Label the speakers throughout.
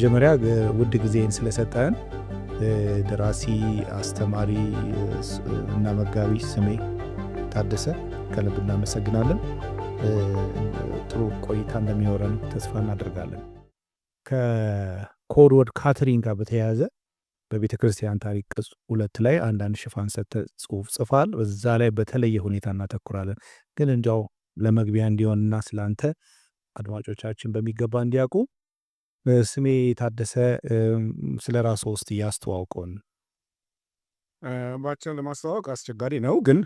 Speaker 1: መጀመሪያ ውድ ጊዜን ስለሰጠን ደራሲ፣ አስተማሪ እና መጋቢ ስሜ ታደሰ ከልብ እናመሰግናለን። ጥሩ ቆይታ እንደሚኖረን ተስፋ እናደርጋለን።
Speaker 2: ከኮድወርድ ካትሪን ጋር በተያያዘ በቤተ ክርስቲያን ታሪክ ቅጽ ሁለት ላይ አንዳንድ ሽፋን ሰተ ጽሁፍ ጽፋል። በዛ ላይ በተለየ ሁኔታ እናተኩራለን። ግን እንዲያው ለመግቢያ እንዲሆንና ስለአንተ አድማጮቻችን በሚገባ እንዲያውቁ ስሜ የታደሰ ስለ ራስዎ ውስጥ እያስተዋውቀውን
Speaker 3: ባቸውን ለማስተዋወቅ አስቸጋሪ ነው፣ ግን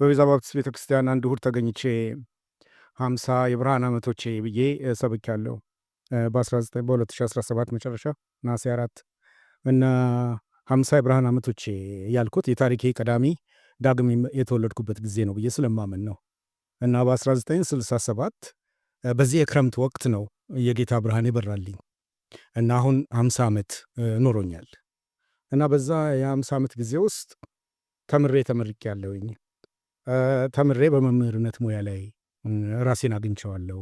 Speaker 3: በቤዛ ባፕቲስት ቤተ ክርስቲያን አንድ እሁድ ተገኝቼ ሀምሳ የብርሃን ዓመቶቼ ብዬ ሰብኬያለሁ በ2017 መጨረሻ ነሐሴ አራት እና ሀምሳ የብርሃን ዓመቶቼ ያልኩት የታሪኬ ቀዳሚ ዳግም የተወለድኩበት ጊዜ ነው ብዬ ስለማምን ነው እና በ1967 በዚህ የክረምት ወቅት ነው የጌታ ብርሃን ይበራልኝ እና አሁን አምሳ ዓመት ኖሮኛል እና በዛ የአምሳ ዓመት ጊዜ ውስጥ ተምሬ ተመርቅ ያለውኝ ተምሬ በመምህርነት ሙያ ላይ ራሴን አግኝቸዋለሁ።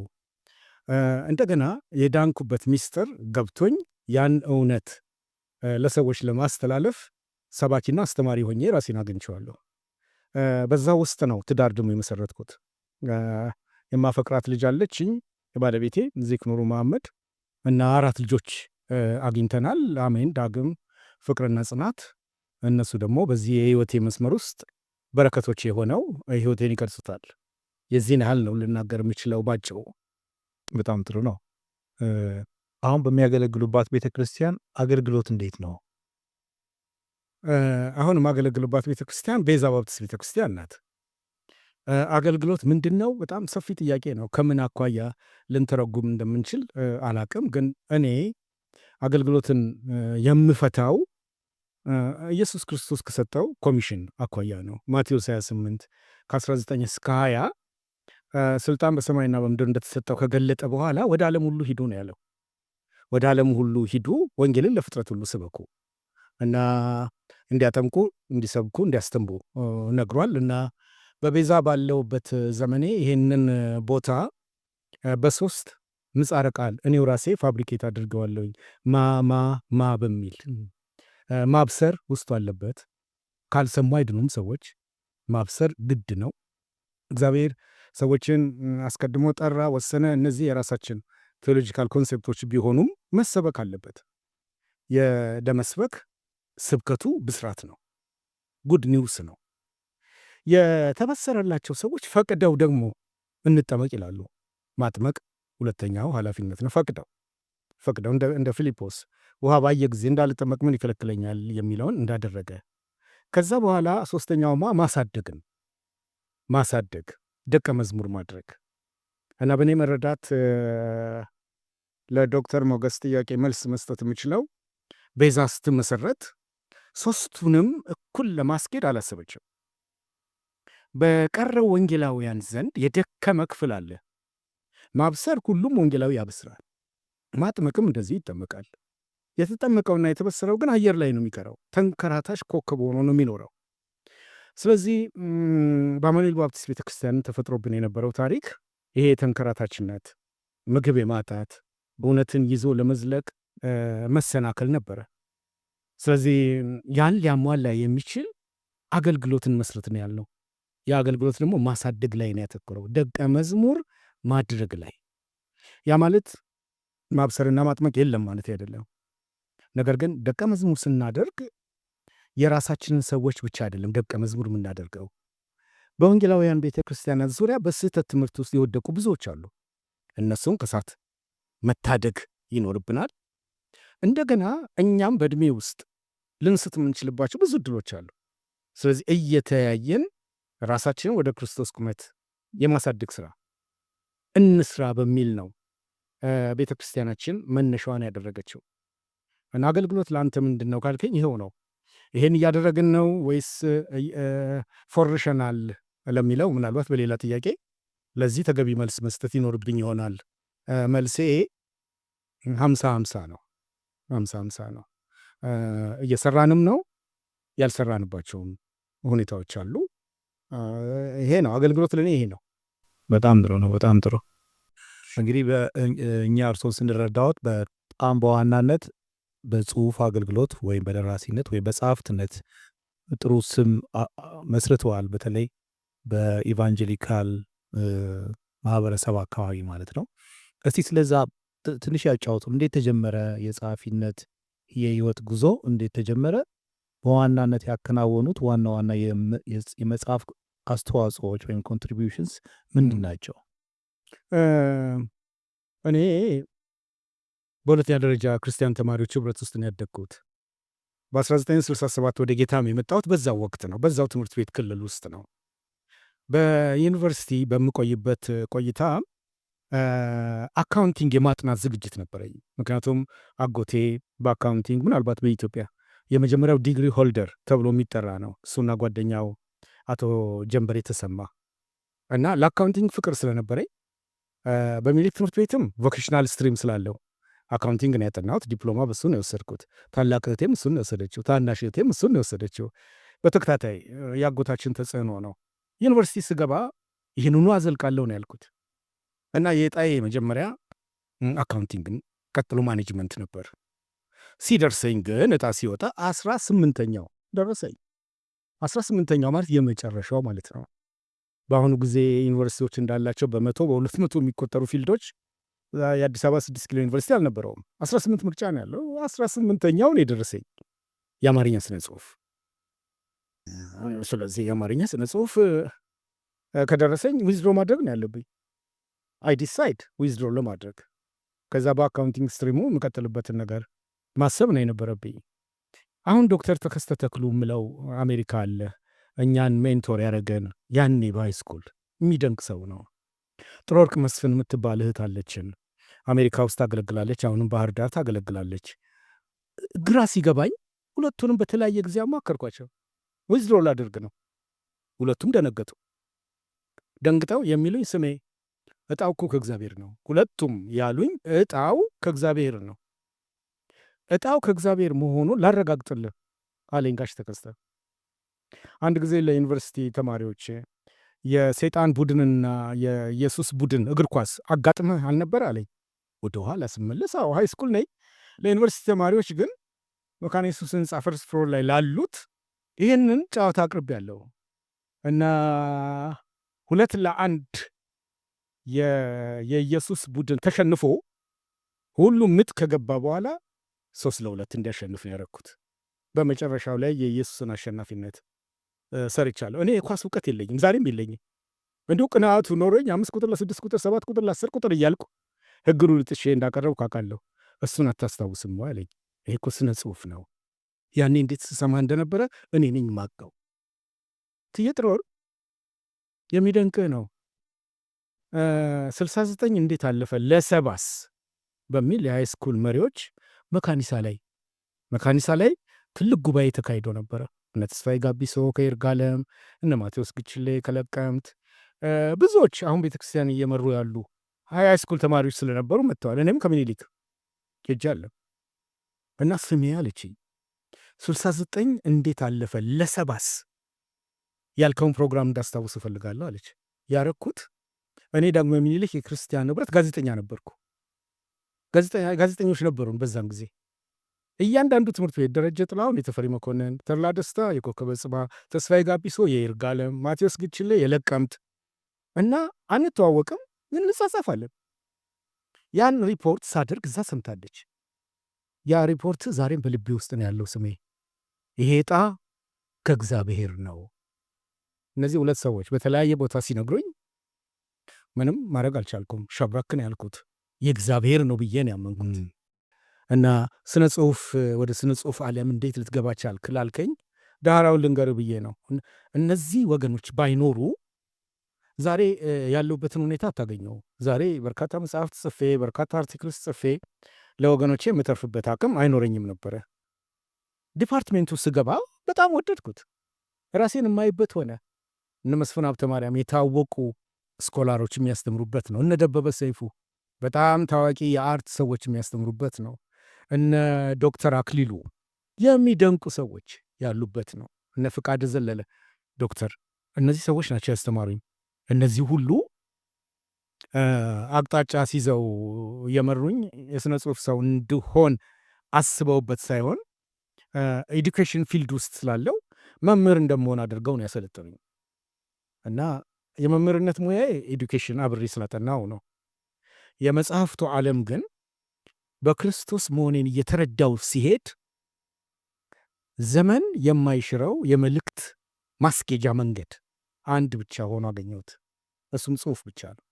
Speaker 3: እንደገና የዳንኩበት ሚስጥር ገብቶኝ ያን እውነት ለሰዎች ለማስተላለፍ ሰባኪና አስተማሪ ሆኜ ራሴን አግኝቸዋለሁ። በዛ ውስጥ ነው ትዳር ደግሞ የመሰረትኩት። የማፈቅራት ልጅ አለችኝ የባለቤቴ ዚክ ኑሩ መሐመድ እና አራት ልጆች አግኝተናል። አሜን፣ ዳግም፣ ፍቅርና ጽናት። እነሱ ደግሞ በዚህ የህይወቴ መስመር ውስጥ በረከቶች የሆነው ህይወቴን ይቀርጹታል። የዚህን ያህል ነው ልናገር የምችለው ባጭው። በጣም ጥሩ ነው። አሁን በሚያገለግሉባት ቤተ ክርስቲያን አገልግሎት እንዴት ነው? አሁን የማገለግሉባት ቤተ ክርስቲያን ቤዛ ባብትስ ቤተ ክርስቲያን ናት። አገልግሎት ምንድን ነው? በጣም ሰፊ ጥያቄ ነው። ከምን አኳያ ልንተረጉም እንደምንችል አላቅም። ግን እኔ አገልግሎትን የምፈታው ኢየሱስ ክርስቶስ ከሰጠው ኮሚሽን አኳያ ነው። ማቴዎስ 28 ከ19 እስከ 20 ስልጣን በሰማይና በምድር እንደተሰጠው ከገለጠ በኋላ ወደ ዓለም ሁሉ ሂዱ ነው ያለው። ወደ ዓለም ሁሉ ሂዱ፣ ወንጌልን ለፍጥረት ሁሉ ስበኩ እና እንዲያጠምቁ፣ እንዲሰብኩ፣ እንዲያስተምቡ ነግሯል እና በቤዛ ባለውበት ዘመኔ ይህንን ቦታ በሶስት ምጻረ ቃል እኔው ራሴ ፋብሪኬት አድርገዋለሁኝ። ማ ማ በሚል ማብሰር ውስጡ አለበት። ካልሰሙ አይድኑም ሰዎች። ማብሰር ግድ ነው። እግዚአብሔር ሰዎችን አስቀድሞ ጠራ፣ ወሰነ። እነዚህ የራሳችን ቴዎሎጂካል ኮንሴፕቶች ቢሆኑም መሰበክ አለበት። የደመስበክ ስብከቱ ብስራት ነው፣ ጉድ ኒውስ ነው። የተበሰረላቸው ሰዎች ፈቅደው ደግሞ እንጠመቅ ይላሉ። ማጥመቅ ሁለተኛው ኃላፊነት ነው። ፈቅደው ፈቅደው እንደ ፊልጶስ ውሃ ባየ ጊዜ እንዳልጠመቅ ምን ይከለክለኛል የሚለውን እንዳደረገ ከዛ በኋላ ሶስተኛውማ ማሳደግን ማሳደግ ደቀ መዝሙር ማድረግ እና በእኔ መረዳት ለዶክተር ሞገስ ጥያቄ መልስ መስጠት የምችለው ቤዛ ስትመሰረት ሶስቱንም እኩል ለማስኬድ አላሰበችም። በቀረው ወንጌላውያን ዘንድ የደከመ ክፍል አለ። ማብሰር ሁሉም ወንጌላዊ ያበስራል፣ ማጥመቅም እንደዚህ ይጠመቃል። የተጠመቀውና የተበሰረው ግን አየር ላይ ነው የሚቀረው፣ ተንከራታሽ ኮከብ ሆኖ ነው የሚኖረው። ስለዚህ በአማኑኤል ባፕቲስት ቤተክርስቲያን ተፈጥሮብን የነበረው ታሪክ ይሄ የተንከራታችነት ምግብ የማጣት እውነትን ይዞ ለመዝለቅ መሰናከል ነበረ። ስለዚህ ያን ሊያሟላ የሚችል አገልግሎትን መስረት ነው ያልነው። የአገልግሎት ደግሞ ማሳደግ ላይ ነው ያተኮረው፣ ደቀ መዝሙር ማድረግ ላይ። ያ ማለት ማብሰርና ማጥመቅ የለም ማለት አይደለም። ነገር ግን ደቀ መዝሙር ስናደርግ የራሳችንን ሰዎች ብቻ አይደለም ደቀ መዝሙር የምናደርገው። በወንጌላውያን ቤተ ክርስቲያናት ዙሪያ በስህተት ትምህርት ውስጥ የወደቁ ብዙዎች አሉ። እነሱም ከሳት መታደግ ይኖርብናል። እንደገና እኛም በእድሜ ውስጥ ልንስት የምንችልባቸው ብዙ እድሎች አሉ። ስለዚህ እየተያየን ራሳችንን ወደ ክርስቶስ ቁመት የማሳደግ ስራ እንስራ በሚል ነው ቤተ ክርስቲያናችን መነሻዋን ያደረገችው እና አገልግሎት ለአንተ ምንድን ነው ካልከኝ ይኸው ነው። ይሄን እያደረግን ነው ወይስ ፎርሸናል ለሚለው ምናልባት በሌላ ጥያቄ ለዚህ ተገቢ መልስ መስጠት ይኖርብኝ ይሆናል። መልሴ ሀምሳ ሀምሳ ነው። ሀምሳ ሀምሳ ነው። እየሰራንም ነው፣ ያልሰራንባቸውም ሁኔታዎች አሉ። ይሄ ነው አገልግሎት ለእኔ ይሄ ነው።
Speaker 2: በጣም ጥሩ ነው። በጣም ጥሩ እንግዲህ እኛ እርሶን ስንረዳዎት በጣም በዋናነት በጽሁፍ አገልግሎት ወይም በደራሲነት ወይም በጸሐፍትነት ጥሩ ስም መስርተዋል። በተለይ በኢቫንጀሊካል ማህበረሰብ አካባቢ ማለት ነው። እስቲ ስለዛ ትንሽ ያጫወቱ። እንዴት ተጀመረ የጸሐፊነት የህይወት ጉዞ? እንዴት ተጀመረ? በዋናነት ያከናወኑት ዋና ዋና የመጽሐፍ አስተዋጽኦዎች ወይም ኮንትሪቢሽንስ ምንድን ናቸው?
Speaker 3: እኔ በሁለተኛ ደረጃ ክርስቲያን ተማሪዎች ህብረት ውስጥ ነው ያደግኩት። በ1967 ወደ ጌታም የመጣሁት በዛው ወቅት ነው። በዛው ትምህርት ቤት ክልል ውስጥ ነው። በዩኒቨርሲቲ በምቆይበት ቆይታ አካውንቲንግ የማጥናት ዝግጅት ነበረኝ። ምክንያቱም አጎቴ በአካውንቲንግ ምናልባት በኢትዮጵያ የመጀመሪያው ዲግሪ ሆልደር ተብሎ የሚጠራ ነው። እሱና ጓደኛው አቶ ጀንበሬ ተሰማ እና ለአካውንቲንግ ፍቅር ስለነበረኝ በሚኒሊክ ትምህርት ቤትም ቮኬሽናል ስትሪም ስላለው አካውንቲንግ ነው ያጠናሁት። ዲፕሎማ በሱ ነው የወሰድኩት። ታላቅ እህቴም እሱን ነው የወሰደችው። ታናሽ እህቴም እሱን ነው የወሰደችው። በተከታታይ የአጎታችን ተጽዕኖ ነው። ዩኒቨርሲቲ ስገባ ይህንኑ አዘልቃለሁ ነው ያልኩት እና የዕጣዬ መጀመሪያ አካውንቲንግን ቀጥሎ ማኔጅመንት ነበር። ሲደርሰኝ ግን እጣ ሲወጣ አስራ ስምንተኛው ደረሰኝ። አስራ ስምንተኛው ማለት የመጨረሻው ማለት ነው። በአሁኑ ጊዜ ዩኒቨርሲቲዎች እንዳላቸው በመቶ በሁለት መቶ የሚቆጠሩ ፊልዶች የአዲስ አበባ ስድስት ኪሎ ዩኒቨርሲቲ አልነበረውም። አስራ ስምንት ምርጫ ነው ያለው። አስራ ስምንተኛው ነው የደረሰኝ የአማርኛ ስነ ጽሁፍ። ስለዚህ የአማርኛ ስነ ጽሁፍ ከደረሰኝ ዊዝድሮ ማድረግ ነው ያለብኝ። አይ ዲሳይድ ዊዝድሮ ለማድረግ ከዛ በአካውንቲንግ ስትሪሙ የምቀጥልበትን ነገር ማሰብ ነው የነበረብኝ። አሁን ዶክተር ተከስተ ተክሉ ምለው አሜሪካ አለ እኛን ሜንቶር ያደረገን ያኔ በሃይስኩል የሚደንቅ ሰው ነው። ጥሩ ወርቅ መስፍን የምትባል እህት አለችን። አሜሪካ ውስጥ ታገለግላለች። አሁንም ባህር ዳር ታገለግላለች። ግራ ሲገባኝ ሁለቱንም በተለያየ ጊዜ አማከርኳቸው። ዊዝድሮ ላደርግ ነው። ሁለቱም ደነገጡ። ደንግጠው የሚሉኝ ስሜ እጣው እኮ ከእግዚአብሔር ነው ሁለቱም ያሉኝ፣ እጣው ከእግዚአብሔር ነው እጣው ከእግዚአብሔር መሆኑን ላረጋግጥልህ አለኝ ጋሽ ተከስተ። አንድ ጊዜ ለዩኒቨርሲቲ ተማሪዎች የሴጣን ቡድንና የኢየሱስ ቡድን እግር ኳስ አጋጥመህ አልነበር አለኝ። ኋላ ስመለስ አዎ ሃይ ስኩል ነኝ። ለዩኒቨርሲቲ ተማሪዎች ግን መካነ ኢየሱስ ህንፃ ፈርስት ፍሎር ላይ ላሉት ይህንን ጨዋታ አቅርብ ያለው እና ሁለት ለአንድ የኢየሱስ ቡድን ተሸንፎ ሁሉም ምጥ ከገባ በኋላ ሶስት ለሁለት እንዲያሸንፍ ነው ያደረግኩት። በመጨረሻው ላይ የኢየሱስን አሸናፊነት ሰርቻለሁ። እኔ የኳስ እውቀት የለኝም፣ ዛሬም የለኝም። እንዲሁ ቅንአቱ ኖረኝ አምስት ቁጥር ለስድስት ቁጥር ሰባት ቁጥር ለአስር ቁጥር እያልኩ ህግን ልጥሼ እንዳቀረብኩ አውቃለሁ። እሱን አታስታውስም አለኝ። ይሄ እኮ ስነ ጽሁፍ ነው። ያኔ እንዴት ስሰማ እንደነበረ እኔ ነኝ ማቀው። ትየጥሮር የሚደንቅ ነው። ስልሳ ዘጠኝ እንዴት አለፈ ለሰባስ በሚል የሃይስኩል መሪዎች መካኒሳ ላይ መካኒሳ ላይ ትልቅ ጉባኤ ተካሂዶ ነበረ። እነ ተስፋዬ ጋቢሶ ከይርጋለም፣ እነ ማቴዎስ ግችሌ ከለቀምት ብዙዎች አሁን ቤተክርስቲያን እየመሩ ያሉ ሃይስኩል ተማሪዎች ስለነበሩ መጥተዋል። እኔም ከሚኒሊክ ሄጃለሁ እና ስሜ አለች ስልሳ ዘጠኝ እንዴት አለፈ ለሰባስ ያልከውን ፕሮግራም እንዳስታውስ እፈልጋለሁ አለች። ያረኩት እኔ ዳግማዊ ምኒልክ የክርስቲያን ንብረት ጋዜጠኛ ነበርኩ። ጋዜጠኞች ነበሩን በዛን ጊዜ እያንዳንዱ ትምህርት ቤት ደረጀ ጥላሁን የተፈሪ መኮንን፣ ተድላ ደስታ የኮከበ ጽባ፣ ተስፋዬ ጋቢሶ የይርጋለም፣ ማቴዎስ ግችሌ የለቀምት እና አንተዋወቅም፣ እንጻጻፋለን። ያን ሪፖርት ሳደርግ እዛ ሰምታለች። ያ ሪፖርት ዛሬም በልቤ ውስጥ ነው ያለው። ስሜ ይሄ ዕጣ ከእግዚአብሔር ነው። እነዚህ ሁለት ሰዎች በተለያየ ቦታ ሲነግሩኝ ምንም ማድረግ አልቻልኩም። ሸብረክን ያልኩት የእግዚአብሔር ነው ብዬ ነው ያመንኩት። እና ስነ ጽሁፍ ወደ ስነ ጽሁፍ ዓለም እንዴት ልትገባ ቻልክ ላልከኝ ዳራውን ልንገር ብዬ ነው። እነዚህ ወገኖች ባይኖሩ ዛሬ ያለሁበትን ሁኔታ አታገኘው። ዛሬ በርካታ መጽሐፍት ጽፌ በርካታ አርቲክልስ ጽፌ ለወገኖቼ የምተርፍበት አቅም አይኖረኝም ነበረ። ዲፓርትሜንቱ ስገባ በጣም ወደድኩት። ራሴን የማይበት ሆነ። እነ መስፍን ሀብተ ማርያም የታወቁ ስኮላሮች የሚያስተምሩበት ነው። እነ ደበበ ሰይፉ በጣም ታዋቂ የአርት ሰዎች የሚያስተምሩበት ነው። እነ ዶክተር አክሊሉ የሚደንቁ ሰዎች ያሉበት ነው። እነ ፍቃድ ዘለለ ዶክተር፣ እነዚህ ሰዎች ናቸው ያስተማሩኝ። እነዚህ ሁሉ አቅጣጫ ሲዘው የመሩኝ የሥነ ጽሑፍ ሰው እንድሆን አስበውበት ሳይሆን ኤዱኬሽን ፊልድ ውስጥ ስላለው መምህር እንደመሆን አድርገው ነው ያሰለጠኑኝ እና የመምህርነት ሙያ ኤዱኬሽን አብሬ ስለጠናው ነው። የመጽሐፍቱ ዓለም ግን በክርስቶስ መሆኔን እየተረዳው ሲሄድ ዘመን የማይሽረው የመልእክት ማስኬጃ መንገድ አንድ ብቻ ሆኖ አገኘሁት። እሱም ጽሑፍ ብቻ ነው።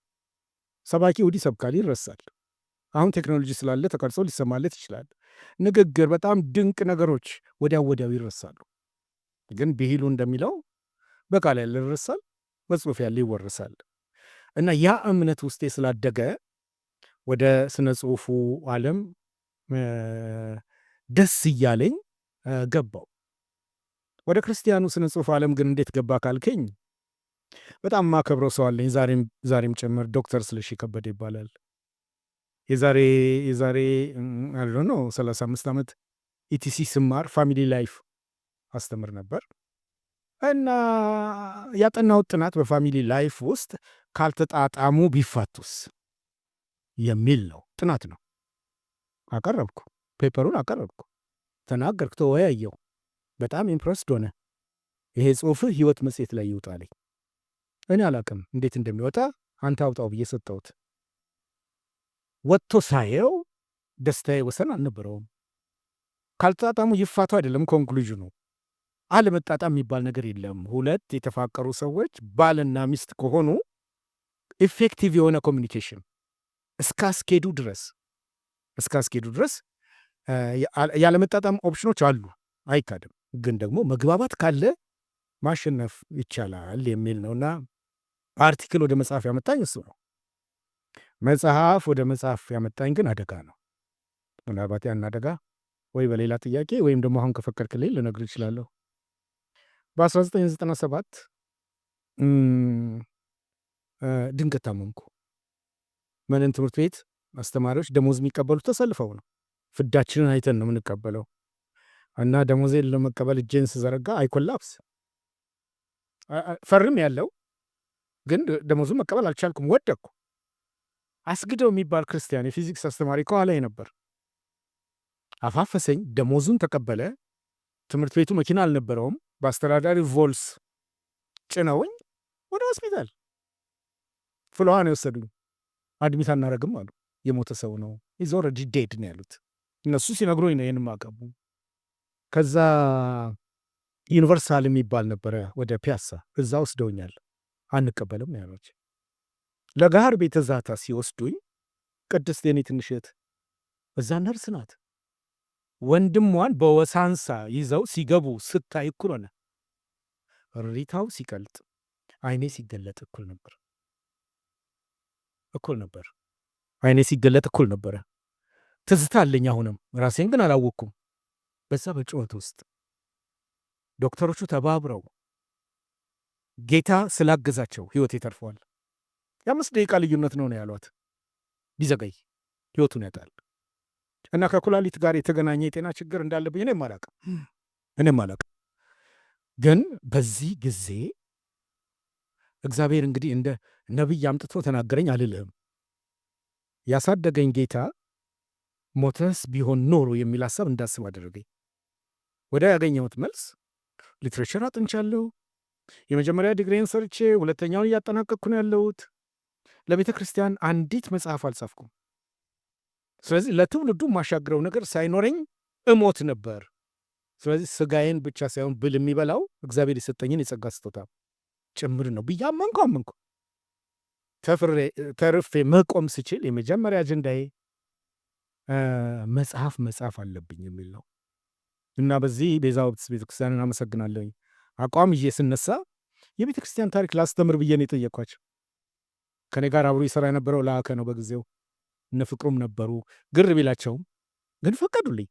Speaker 3: ሰባኪ ውዲ ሰብካል፣ ይረሳል። አሁን ቴክኖሎጂ ስላለ ተቀርጾ ሊሰማለት ይችላል። ንግግር፣ በጣም ድንቅ ነገሮች ወዲያው ወዲያው ይረሳሉ። ግን ብሂሉ እንደሚለው በቃል ያለ ይረሳል፣ በጽሑፍ ያለ ይወርሳል። እና ያ እምነት ውስጤ ስላደገ ወደ ስነ ጽሁፉ ዓለም ደስ እያለኝ ገባው። ወደ ክርስቲያኑ ስነ ጽሁፍ ዓለም ግን እንዴት ገባ ካልከኝ በጣም ማከብረው ሰው አለኝ፣ ዛሬም ጭምር ዶክተር ስለሺ ከበደ ይባላል። የዛሬ የዛሬ ነው 35 ዓመት ኢቲሲ ስማር ፋሚሊ ላይፍ አስተምር ነበር እና ያጠናሁት ጥናት በፋሚሊ ላይፍ ውስጥ ካልተጣጣሙ ቢፋቱስ የሚል ነው። ጥናት ነው። አቀረብኩ፣ ፔፐሩን አቀረብኩ፣ ተናገርክ፣ ተወያየው። በጣም ኢምፕረስድ ሆነ። ይሄ ጽሑፍህ ህይወት መጽሔት ላይ ይውጣልኝ። እኔ አላቅም እንዴት እንደሚወጣ አንተ አውጣው ብዬ ሰጠሁት። ወጥቶ ሳየው ደስታዬ ወሰን አልነበረውም። ካልተጣጣሙ ይፋቱ አይደለም ኮንክሉዥኑ። አለመጣጣም የሚባል ነገር የለም። ሁለት የተፋቀሩ ሰዎች ባልና ሚስት ከሆኑ ኢፌክቲቭ የሆነ ኮሚኒኬሽን እስካስኬዱ ድረስ እስከ አስኬዱ ድረስ ያለመጣጣም ኦፕሽኖች አሉ፣ አይካድም። ግን ደግሞ መግባባት ካለ ማሸነፍ ይቻላል የሚል ነውና አርቲክል ወደ መጽሐፍ ያመጣኝ እሱ ነው። መጽሐፍ ወደ መጽሐፍ ያመጣኝ ግን አደጋ ነው። ምናልባት ያን አደጋ ወይ በሌላ ጥያቄ ወይም ደግሞ አሁን ከፈቀድክልኝ ልነግር ይችላለሁ። በ1997 ድንገት ታመምኩ። መንን ትምህርት ቤት አስተማሪዎች ደሞዝ የሚቀበሉት ተሰልፈው ነው። ፍዳችንን አይተን ነው የምንቀበለው። እና ደሞዜን ለመቀበል እጄን ስዘረጋ አይኮላፕስ ፈርም ያለው ግን ደሞዙ መቀበል አልቻልኩም፣ ወደቅኩ። አስግደው የሚባል ክርስቲያን የፊዚክስ አስተማሪ ከኋላ ነበር። አፋፈሰኝ። ደሞዙን ተቀበለ። ትምህርት ቤቱ መኪና አልነበረውም። በአስተዳዳሪ ቮልስ ጭነውኝ ወደ ሆስፒታል ፍሎሃን የወሰዱኝ። አድሚት አናረግም አሉ። የሞተ ሰው ነው ኢዝ ኦልሬዲ ዴድ ነው ያሉት እነሱ ሲነግሩኝ ነው ይህን ማቀቡ። ከዛ ዩኒቨርሳል የሚባል ነበረ ወደ ፒያሳ እዛ ወስደውኛል። አንቀበልም ያሉት ለጋር ቤተ ዛታ ሲወስዱኝ ቅድስት የኔ ትንሽት እዛ ነርስ ናት። ወንድሟን በወሳንሳ ይዘው ሲገቡ ስታይ እኩል ሆነ። ሪታው ሲቀልጥ አይኔ ሲገለጥ እኩል ነበር። እኩል ነበር። አይኔ ሲገለጥ እኩል ነበረ። ትዝታ አለኝ አሁንም፣ ራሴን ግን አላወቅኩም። በዛ በጩኸት ውስጥ ዶክተሮቹ ተባብረው ጌታ ስላገዛቸው ህይወቴ ተርፈዋል። የአምስት ደቂቃ ልዩነት ነው ነው ያሏት። ቢዘገይ ህይወቱን ያጣል እና ከኩላሊት ጋር የተገናኘ የጤና ችግር እንዳለብኝ እኔም አላቅም እኔም አላቅም። ግን በዚህ ጊዜ እግዚአብሔር እንግዲህ እንደ ነቢይ አምጥቶ ተናገረኝ አልልህም። ያሳደገኝ ጌታ ሞተስ ቢሆን ኖሮ የሚል ሀሳብ እንዳስብ አደረገኝ። ወደ ያገኘሁት መልስ ሊትሬቸር አጥንቻለሁ። የመጀመሪያ ዲግሪን ሰርቼ ሁለተኛውን እያጠናቀቅኩ ነው ያለሁት። ለቤተ ክርስቲያን አንዲት መጽሐፍ አልጻፍኩም። ስለዚህ ለትውልዱ የማሻግረው ነገር ሳይኖረኝ እሞት ነበር። ስለዚህ ስጋዬን ብቻ ሳይሆን ብል የሚበላው እግዚአብሔር የሰጠኝን የጸጋ ስጦታ ጭምር ነው ብዬ አመንኩ አመንኩ ተርፌ መቆም ስችል የመጀመሪያ አጀንዳዬ መጽሐፍ መጽሐፍ አለብኝ የሚል ነው እና በዚህ ቤዛ ባፕቲስት ቤተክርስቲያንን አመሰግናለኝ። አቋም ይዤ ስነሳ የቤተ ክርስቲያን ታሪክ ላስተምር ብዬ ነው የጠየኳቸው። ከኔ ጋር አብሮ ይሰራ የነበረው ለአከ ነው በጊዜው እነ ፍቅሩም ነበሩ። ግር ቢላቸውም ግን ፈቀዱልኝ።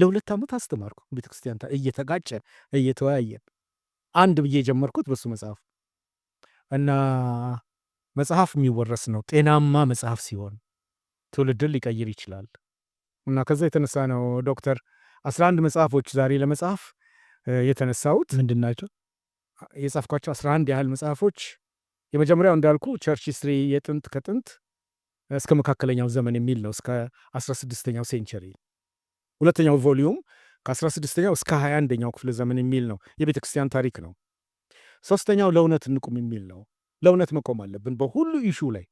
Speaker 3: ለሁለት ዓመት አስተማርኩ ቤተክርስቲያን እየተጋጨን እየተወያየን አንድ ብዬ የጀመርኩት በሱ መጽሐፍ እና መጽሐፍ የሚወረስ ነው። ጤናማ መጽሐፍ ሲሆን ትውልድን ሊቀይር ይችላል እና ከዛ የተነሳ ነው ዶክተር አስራ አንድ መጽሐፎች ዛሬ ለመጽሐፍ የተነሳሁት ምንድን ናቸው? የጻፍኳቸው አስራ አንድ ያህል መጽሐፎች የመጀመሪያው እንዳልኩ ቸርች ሂስትሪ የጥንት ከጥንት እስከ መካከለኛው ዘመን የሚል ነው እስከ አስራ ስድስተኛው ሴንቸሪ ሁለተኛው ቮሊዩም ከ16ኛው እስከ 21ኛው ክፍለ ዘመን የሚል ነው። የቤተ ክርስቲያን ታሪክ ነው። ሶስተኛው ለእውነት እንቁም የሚል ነው። ለእውነት መቆም አለብን። በሁሉ ኢሹ ላይ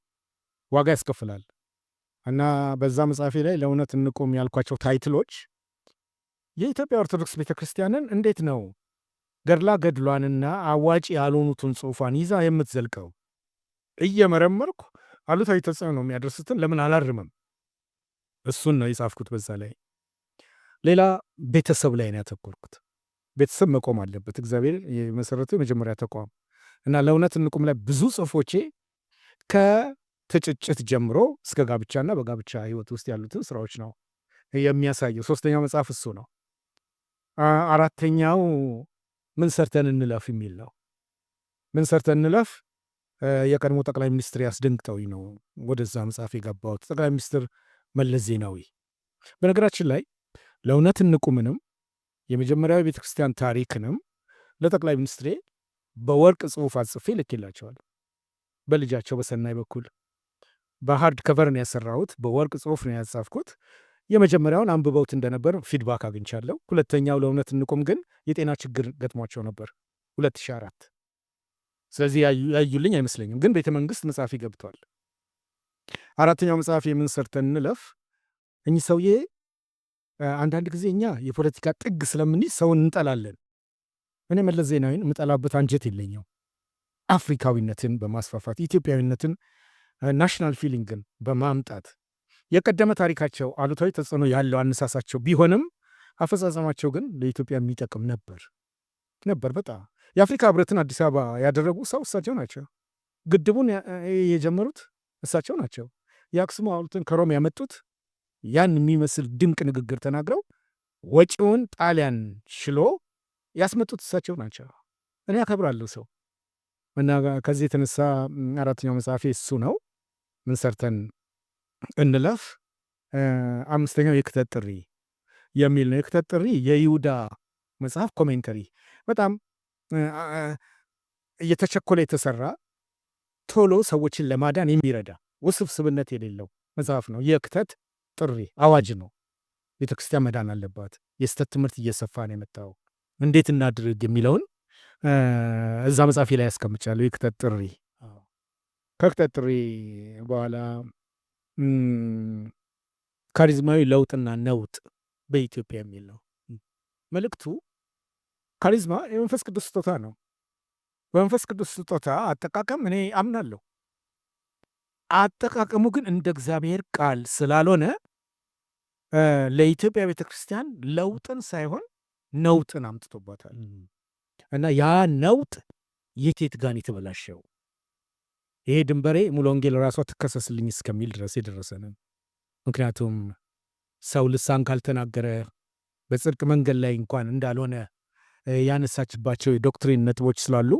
Speaker 3: ዋጋ ያስከፍላል እና በዛ መጽሐፌ ላይ ለእውነት እንቁም ያልኳቸው ታይትሎች የኢትዮጵያ ኦርቶዶክስ ቤተ ክርስቲያንን እንዴት ነው ገድላ ገድሏንና አዋጭ ያልሆኑትን ጽሑፏን ይዛ የምትዘልቀው እየመረመርኩ አሉታዊ ተጽዕኖ የሚያደርሱትን ለምን አላርምም? እሱን ነው የጻፍኩት በዛ ላይ ሌላ ቤተሰብ ላይ ነው ያተኮርኩት። ቤተሰብ መቆም አለበት፣ እግዚአብሔር የመሰረቱ የመጀመሪያ ተቋም እና ለእውነት እንቁም ላይ ብዙ ጽሁፎቼ ከትጭጭት ጀምሮ እስከ ጋብቻና በጋብቻ ህይወት ውስጥ ያሉትን ስራዎች ነው የሚያሳየው። ሶስተኛው መጽሐፍ እሱ ነው። አራተኛው ምን ሰርተን እንለፍ የሚል ነው። ምን ሰርተን እንለፍ የቀድሞ ጠቅላይ ሚኒስትር ያስደንግጠውኝ ነው ወደዛ መጽሐፍ የገባሁት። ጠቅላይ ሚኒስትር መለስ ዜናዊ በነገራችን ላይ ለእውነት እንቁምንም የመጀመሪያው የቤተ ክርስቲያን ታሪክንም ለጠቅላይ ሚኒስትሬ በወርቅ ጽሑፍ አጽፌ ልኬላቸዋል። በልጃቸው በሰናይ በኩል በሀርድ ከቨር ነው ያሰራሁት። በወርቅ ጽሑፍ ነው ያጻፍኩት። የመጀመሪያውን አንብበውት እንደነበር ፊድባክ አግኝቻለሁ። ሁለተኛው ለእውነት እንቁም ግን የጤና ችግር ገጥሟቸው ነበር 2004 ስለዚህ ያዩልኝ አይመስለኝም። ግን ቤተ መንግስት መጽሐፊ ገብቷል። አራተኛው መጽሐፍ የምንሰርተን እንለፍ እኚህ ሰውዬ አንዳንድ ጊዜ እኛ የፖለቲካ ጥግ ስለምንይዝ ሰውን እንጠላለን። እኔ መለስ ዜናዊን የምጠላበት አንጀት የለኝም። አፍሪካዊነትን በማስፋፋት ኢትዮጵያዊነትን፣ ናሽናል ፊሊንግን በማምጣት የቀደመ ታሪካቸው አሉታዊ ተጽዕኖ ያለው አነሳሳቸው ቢሆንም አፈጻጸማቸው ግን ለኢትዮጵያ የሚጠቅም ነበር ነበር በጣም የአፍሪካ ህብረትን አዲስ አበባ ያደረጉ ሰው እሳቸው ናቸው። ግድቡን የጀመሩት እሳቸው ናቸው። የአክሱም ሐውልትን ከሮም ያመጡት ያን የሚመስል ድንቅ ንግግር ተናግረው ወጪውን ጣሊያን ሽሎ ያስመጡት እሳቸው ናቸው። እኔ አከብራለሁ ሰው እና ከዚህ የተነሳ አራተኛው መጽሐፌ እሱ ነው። ምን ሰርተን እንለፍ። አምስተኛው የክተት ጥሪ የሚል ነው። የክተት ጥሪ የይሁዳ መጽሐፍ ኮሜንተሪ፣ በጣም እየተቸኮለ የተሰራ ቶሎ ሰዎችን ለማዳን የሚረዳ ውስብስብነት የሌለው መጽሐፍ ነው የክተት ጥሪ አዋጅ ነው። ቤተክርስቲያን መዳን አለባት። የስተት ትምህርት እየሰፋ ነው የመጣው። እንዴት እናድርግ የሚለውን እዛ መጽሐፊ ላይ ያስቀምጫለሁ። የክተት ጥሪ ከክተት ጥሪ በኋላ ካሪዝማዊ ለውጥና ነውጥ በኢትዮጵያ የሚል ነው መልእክቱ። ካሪዝማ የመንፈስ ቅዱስ ስጦታ ነው። በመንፈስ ቅዱስ ስጦታ አጠቃቀም እኔ አምናለሁ። አጠቃቀሙ ግን እንደ እግዚአብሔር ቃል ስላልሆነ ለኢትዮጵያ ቤተ ክርስቲያን ለውጥን ሳይሆን ነውጥን አምጥቶባታል። እና ያ ነውጥ የቴት ጋን የተበላሸው ይሄ ድንበሬ ሙሉ ወንጌል ራሷ ትከሰስልኝ እስከሚል ድረስ የደረሰንን ምክንያቱም ሰው ልሳን ካልተናገረ በጽድቅ መንገድ ላይ እንኳን እንዳልሆነ ያነሳችባቸው የዶክትሪን ነጥቦች ስላሉ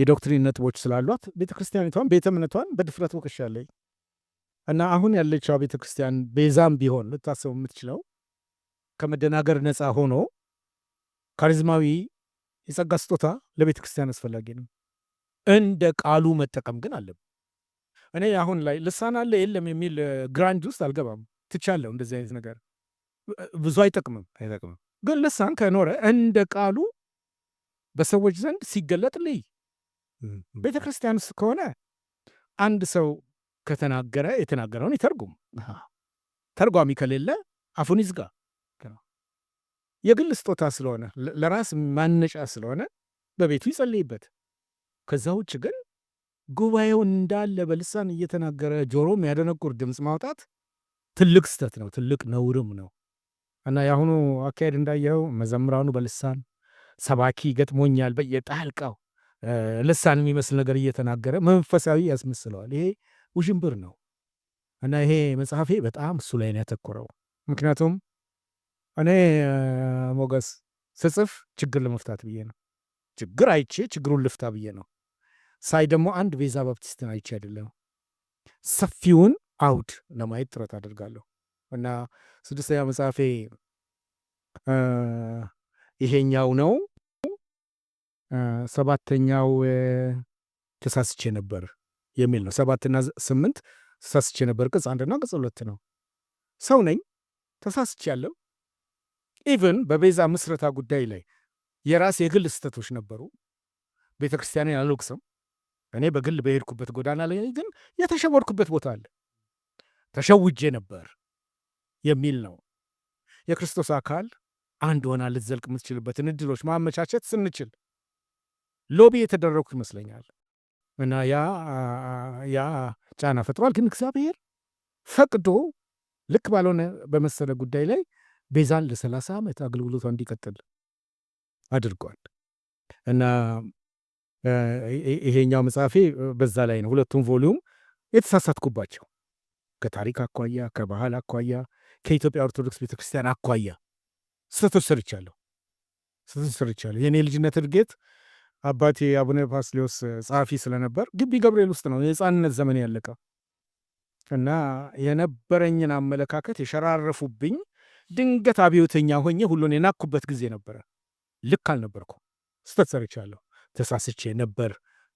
Speaker 3: የዶክትሪን ነጥቦች ስላሏት ቤተ ክርስቲያኒቷን ቤተ እምነቷን በድፍረት ወቅሻለሁ እና አሁን ያለችው ቤተ ክርስቲያን ቤዛም ቢሆን ልታሰቡ የምትችለው ከመደናገር ነፃ ሆኖ ካሪዝማዊ የጸጋ ስጦታ ለቤተ ክርስቲያን አስፈላጊ ነው። እንደ ቃሉ መጠቀም ግን አለም። እኔ አሁን ላይ ልሳን አለ የለም የሚል ግራንድ ውስጥ አልገባም። ትቻለሁ እንደዚህ አይነት ነገር ብዙ አይጠቅምም አይጠቅምም። ግን ልሳን ከኖረ እንደ ቃሉ በሰዎች ዘንድ ሲገለጥ ልይ ቤተ ክርስቲያንስ ከሆነ አንድ ሰው ከተናገረ የተናገረውን ይተርጉም። ተርጓሚ ከሌለ አፉን ይዝጋ። የግል ስጦታ ስለሆነ ለራስ ማነጫ ስለሆነ በቤቱ ይጸልይበት። ከዛ ውጭ ግን ጉባኤው እንዳለ በልሳን እየተናገረ ጆሮ የሚያደነቁር ድምፅ ማውጣት ትልቅ ስተት ነው፣ ትልቅ ነውርም ነው እና የአሁኑ አካሄድ እንዳየኸው መዘምራኑ በልሳን ሰባኪ ገጥሞኛል በየጣልቃው ልሳን የሚመስል ነገር እየተናገረ መንፈሳዊ ያስመስለዋል። ይሄ ውዥንብር ነው እና ይሄ መጽሐፌ በጣም እሱ ላይ ነው ያተኮረው። ምክንያቱም እኔ ሞገስ ስጽፍ ችግር ለመፍታት ብዬ ነው። ችግር አይቼ ችግሩን ልፍታ ብዬ ነው። ሳይ ደግሞ አንድ ቤዛ ባፕቲስትን አይቼ አይደለም፣ ሰፊውን አውድ ለማየት ጥረት አደርጋለሁ እና ስድስተኛ መጽሐፌ ይሄኛው ነው። ሰባተኛው ተሳስቼ ነበር የሚል ነው። ሰባትና ስምንት ተሳስቼ ነበር ቅጽ አንድና ቅጽ ሁለት ነው። ሰው ነኝ ተሳስቼ ያለው ኢቨን በቤዛ ምስረታ ጉዳይ ላይ የራሴ የግል ስህተቶች ነበሩ። ቤተ ክርስቲያንን አልወቅስም። እኔ በግል በሄድኩበት ጎዳና ላይ ግን የተሸወድኩበት ቦታ አለ። ተሸውጄ ነበር የሚል ነው። የክርስቶስ አካል አንድ ሆና ልትዘልቅ የምትችልበትን እድሎች ማመቻቸት ስንችል ሎቢ የተደረጉ ይመስለኛል እና ያ ያ ጫና ፈጥሯል። ግን እግዚአብሔር ፈቅዶ ልክ ባልሆነ በመሰለ ጉዳይ ላይ ቤዛን ለሰላሳ ዓመት አገልግሎቷ እንዲቀጥል አድርጓል እና ይሄኛው መጽሐፌ በዛ ላይ ነው። ሁለቱም ቮሊዩም የተሳሳትኩባቸው ከታሪክ አኳያ፣ ከባህል አኳያ፣ ከኢትዮጵያ ኦርቶዶክስ ቤተክርስቲያን አኳያ ስተቶች ሰርቻለሁ ስተቶች ሰርቻለሁ የእኔ ልጅነት እድገት አባቴ አቡነ ፓስሌዎስ ጸሐፊ ስለነበር ግቢ ገብርኤል ውስጥ ነው የህፃንነት ዘመን ያለቀ እና የነበረኝን አመለካከት የሸራረፉብኝ ድንገት አብዮተኛ ሆኜ ሁሉን የናኩበት ጊዜ ነበረ። ልክ አልነበርኩ፣ ስተት ሰርቻለሁ፣ ተሳስቼ ነበር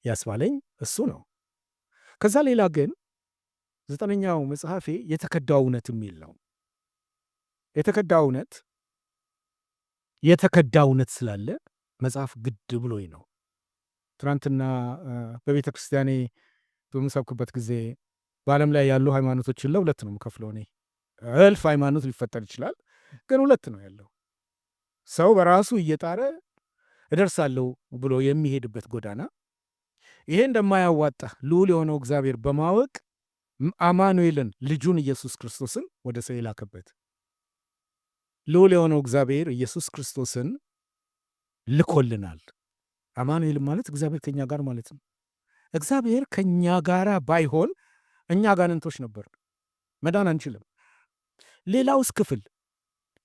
Speaker 3: ያስባለኝ እሱ ነው። ከዛ ሌላ ግን ዘጠነኛው መጽሐፌ የተከዳው እውነት የሚል ነው። የተከዳው እውነት የተከዳ እውነት ስላለ መጽሐፍ ግድ ብሎኝ ነው ትናንትና በቤተ ክርስቲያኔ በምሰብክበት ጊዜ በዓለም ላይ ያሉ ሃይማኖቶችን ለሁለት ነው የምከፍለው እኔ። እልፍ ሃይማኖት ሊፈጠር ይችላል፣ ግን ሁለት ነው ያለው። ሰው በራሱ እየጣረ እደርሳለሁ ብሎ የሚሄድበት ጎዳና ይሄ እንደማያዋጣ ልዑል የሆነው እግዚአብሔር በማወቅ አማኑኤልን ልጁን ኢየሱስ ክርስቶስን ወደ ሰው የላከበት ልዑል የሆነው እግዚአብሔር ኢየሱስ ክርስቶስን ልኮልናል። አማኑኤል ማለት እግዚአብሔር ከእኛ ጋር ማለት ነው። እግዚአብሔር ከእኛ ጋራ ባይሆን እኛ አጋንንቶች ነበር፣ መዳን አንችልም። ሌላውስ ክፍል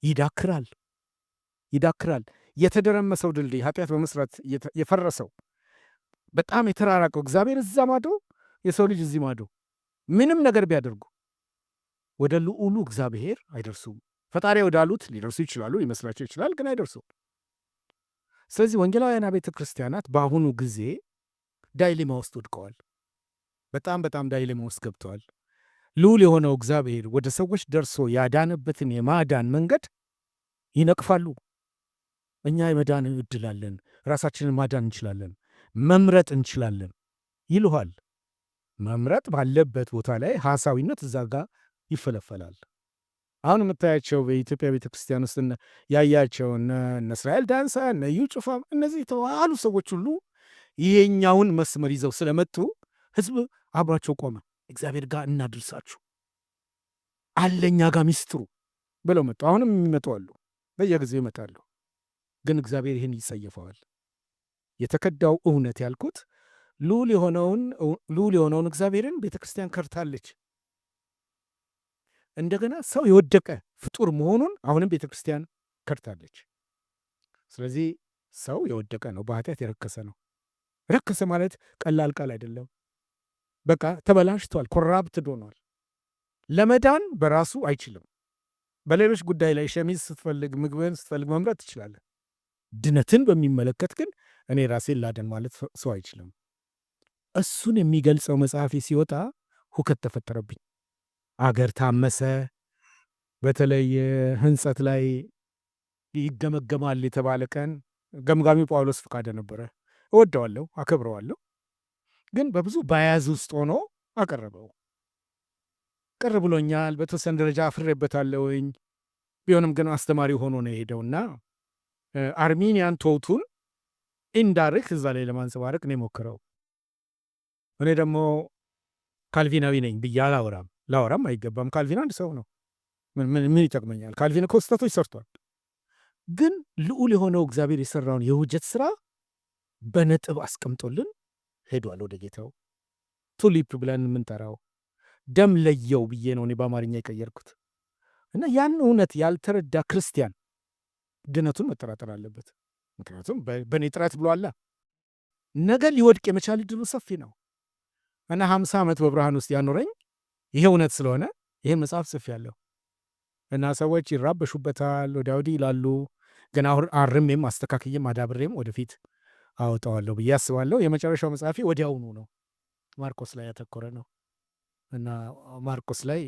Speaker 3: ይዳክራል ይዳክራል። የተደረመሰው ድልድይ ኃጢአት በመስራት የፈረሰው በጣም የተራራቀው እግዚአብሔር እዛ ማዶ፣ የሰው ልጅ እዚህ ማዶ፣ ምንም ነገር ቢያደርጉ ወደ ልዑሉ እግዚአብሔር አይደርሱም። ፈጣሪ ወዳሉት ሊደርሱ ይችላሉ፣ ሊመስላቸው ይችላል፣ ግን አይደርሱም። ስለዚህ ወንጌላውያን ቤተ ክርስቲያናት በአሁኑ ጊዜ ዳይሌማ ውስጥ ወድቀዋል። በጣም በጣም ዳይሌማ ውስጥ ገብተዋል። ልዑል የሆነው እግዚአብሔር ወደ ሰዎች ደርሶ ያዳነበትን የማዳን መንገድ ይነቅፋሉ። እኛ የመዳን እድል አለን፣ ራሳችንን ማዳን እንችላለን፣ መምረጥ እንችላለን ይልኋል። መምረጥ ባለበት ቦታ ላይ ሐሳዊነት እዛ ጋር ይፈለፈላል። አሁን የምታያቸው በኢትዮጵያ ቤተክርስቲያን ውስጥ ያያቸው እነ እስራኤል ዳንሳ እነ እዩ ጩፋም እነዚህ የተዋሉ ሰዎች ሁሉ ይሄኛውን መስመር ይዘው ስለመጡ ህዝብ አብሯቸው ቆመ። እግዚአብሔር ጋር እናድርሳችሁ አለኛ ጋር ሚስጥሩ ብለው መጡ። አሁንም የሚመጡ አሉ፣ በየጊዜው ይመጣሉ። ግን እግዚአብሔር ይህን ይጸየፈዋል። የተከዳው እውነት ያልኩት ልዑል የሆነውን እግዚአብሔርን ቤተክርስቲያን ከርታለች። እንደገና ሰው የወደቀ ፍጡር መሆኑን አሁንም ቤተ ክርስቲያን ከድታለች። ስለዚህ ሰው የወደቀ ነው፣ በኃጢአት የረከሰ ነው። ረከሰ ማለት ቀላል ቃል አይደለም። በቃ ተበላሽቷል፣ ኮራብት ዶኗል። ለመዳን በራሱ አይችልም። በሌሎች ጉዳይ ላይ ሸሚዝ ስትፈልግ፣ ምግብን ስትፈልግ መምረጥ ትችላለህ። ድነትን በሚመለከት ግን እኔ ራሴን ላደን ማለት ሰው አይችልም። እሱን የሚገልጸው መጽሐፌ ሲወጣ ሁከት ተፈጠረብኝ። አገር ታመሰ። በተለይ ህንጸት ላይ ይገመገማል የተባለ ቀን ገምጋሚ ጳውሎስ ፍቃደ ነበረ። እወደዋለሁ፣ አከብረዋለሁ። ግን በብዙ ባያዝ ውስጥ ሆኖ አቀረበው። ቅር ብሎኛል፣ በተወሰነ ደረጃ አፍሬበታለሁኝ። ቢሆንም ግን አስተማሪ ሆኖ ነው የሄደውና አርሚኒያን ቶውቱን ኢንዳይሬክት እዛ ላይ ለማንጸባረቅ ነው የሞክረው። እኔ ደግሞ ካልቪናዊ ነኝ ብዬ አላወራም። ላወራም አይገባም። ካልቪን አንድ ሰው ነው። ምን ይጠቅመኛል? ካልቪን እኮ ስህተቶች ሰርቷል። ግን ልዑል የሆነው እግዚአብሔር የሰራውን የውጀት ስራ በነጥብ አስቀምጦልን ሄዷል ወደ ጌታው። ቱሊፕ ብለን የምንጠራው ደም ለየው ብዬ ነው እኔ በአማርኛ የቀየርኩት። እና ያን እውነት ያልተረዳ ክርስቲያን ድነቱን መጠራጠር አለበት። ምክንያቱም በእኔ ጥረት ብሎ አላ ነገ ሊወድቅ የመቻል ድሉ ሰፊ ነው እና ሀምሳ ዓመት በብርሃን ውስጥ ያኖረኝ ይሄ እውነት ስለሆነ ይሄ መጽሐፍ ያለው እና ሰዎች ይራበሹበታል፣ ወዲያ ወዲህ ይላሉ። ግን አሁን አርሜም አስተካክዬም አዳብሬም ወደፊት አወጣዋለሁ ብዬ አስባለሁ። የመጨረሻው መጽሐፊ ወዲያውኑ ነው። ማርቆስ ላይ ያተኮረ ነው እና ማርቆስ ላይ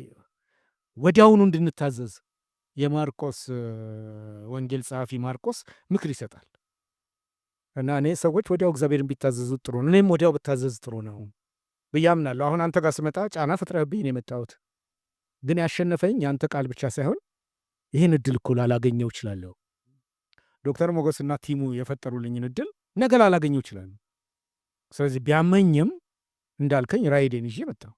Speaker 3: ወዲያውኑ እንድንታዘዝ የማርቆስ ወንጌል ጸሐፊ ማርቆስ ምክር ይሰጣል እና እኔ ሰዎች ወዲያው እግዚአብሔር ቢታዘዙ ጥሩ ነው፣ እኔም ወዲያው ብታዘዝ ጥሩ ነው። ብያምናለሁ። አሁን አንተ ጋር ስመጣ ጫና ፈጥረህብኝ የመጣሁት ግን ያሸነፈኝ የአንተ ቃል ብቻ ሳይሆን ይህን እድል እኮ ላላገኘው እችላለሁ። ዶክተር ሞገስና ቲሙ የፈጠሩልኝን እድል ነገ ላላገኘው እችላለሁ። ስለዚህ ቢያመኝም እንዳልከኝ ራይዴን ይዤ መጣሁ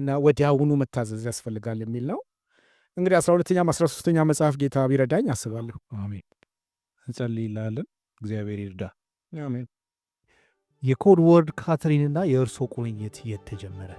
Speaker 3: እና ወዲያውኑ መታዘዝ ያስፈልጋል የሚል ነው። እንግዲህ አስራ ሁለተኛም አስራ ሶስተኛ መጽሐፍ ጌታ ቢረዳኝ አስባለሁ።
Speaker 2: አሜን። እንጸልይላለን። እግዚአብሔር ይርዳ።
Speaker 3: አሜን።
Speaker 1: የኮድ ወርድ ካትሪንና የእርሶ ቁርኝት የት ተጀመረ?